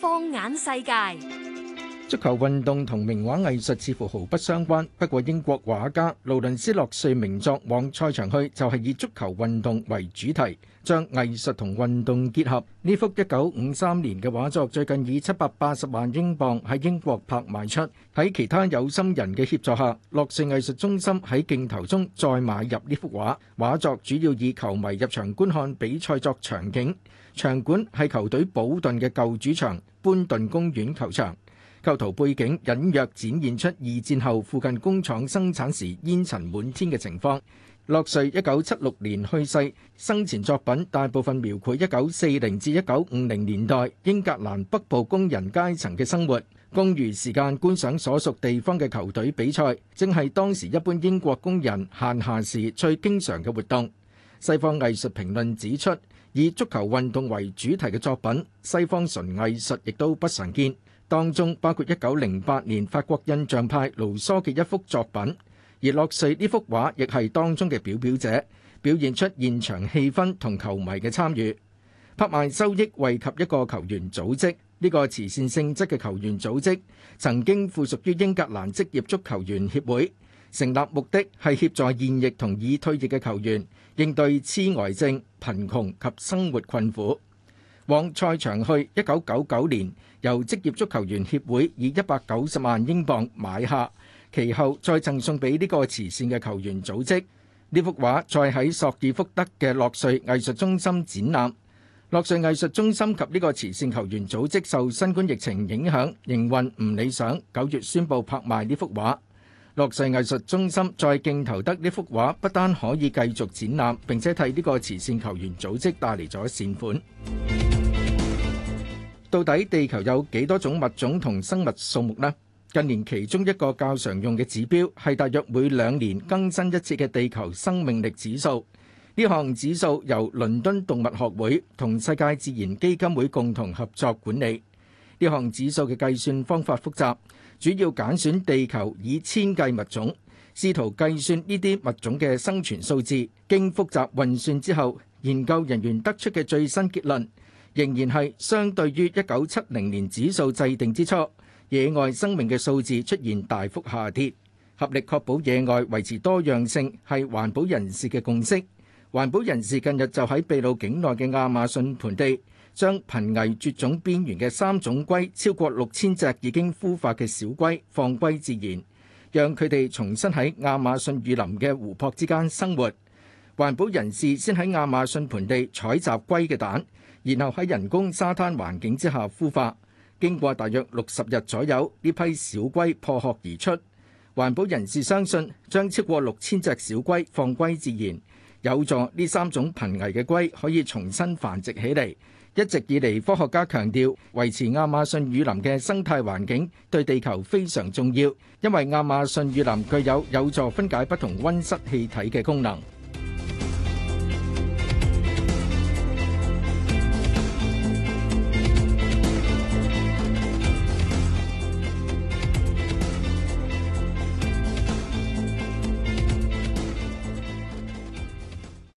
放眼世界。足球運動同名畫藝術似乎毫不相關。不過，英國畫家勞倫斯·洛瑞名作《往賽場去》就係以足球運動為主題，將藝術同運動結合。呢幅一九五三年嘅畫作最近以七百八十萬英鎊喺英國拍賣出。喺其他有心人嘅協助下，洛瑞藝術中心喺競投中再買入呢幅畫。畫作主要以球迷入場觀看比賽作場景，場館係球隊保頓嘅舊主場——班頓公園球場。構圖背景，隱約展現出二戰後附近工廠生產時煙塵滿天嘅情況。洛瑞1976年去世，生前作品大部分描繪1940至1950年代英格蘭北部工人階層嘅生活，工餘時間觀賞所屬地方嘅球隊比賽，正係當時一般英國工人閒暇時最經常嘅活動。西方藝術評論指出，以足球運動為主題嘅作品，西方純藝術亦都不常見。當中包括一九零八年法國印象派盧梭嘅一幅作品，而洛瑞呢幅畫亦係當中嘅表表者，表現出現場氣氛同球迷嘅參與。拍賣收益惠及一個球員組織，呢個慈善性質嘅球員組織曾經附屬於英格蘭職業足球員協會，成立目的係協助現役同已退役嘅球員應對痴呆症、貧窮及生活困苦。往賽場去。一九九九年，由職業足球員協會以一百九十萬英鎊買下，其後再贈送俾呢個慈善嘅球員組織。呢幅畫再喺索爾福德嘅洛瑞藝術中心展覽。洛瑞藝術中心及呢個慈善球員組織受新冠疫情影響營運唔理想，九月宣布拍賣呢幅畫。洛瑞藝術中心再競投得呢幅畫，不單可以繼續展覽，並且替呢個慈善球員組織帶嚟咗善款。到底地球有幾多種物種同生物數目呢？近年其中一個較常用嘅指標係大約每兩年更新一次嘅地球生命力指數。呢項指數由倫敦動物學會同世界自然基金會共同合作管理。呢項指數嘅計算方法複雜，主要揀選地球以千計物種，試圖計算呢啲物種嘅生存數字。經複雜運算之後，研究人員得出嘅最新結論仍然係相對於一九七零年指數制定之初，野外生命嘅數字出現大幅下跌。合力確保野外維持多樣性係環保人士嘅共識。環保人士近日就喺秘魯境內嘅亞馬遜盆地，將瀕危絕種邊緣嘅三種龜，超過六千隻已經孵化嘅小龜放歸自然，讓佢哋重新喺亞馬遜雨林嘅湖泊之間生活。環保人士先喺亞馬遜盆地採集龜嘅蛋。然後喺人工沙灘環境之下孵化，經過大約六十日左右呢批小龜破殼而出。環保人士相信，將超過六千隻小龜放歸自然，有助呢三種瀕危嘅龜可以重新繁殖起嚟。一直以嚟，科學家強調維持亞馬遜雨林嘅生態環境對地球非常重要，因為亞馬遜雨林具有有助分解不同溫室氣體嘅功能。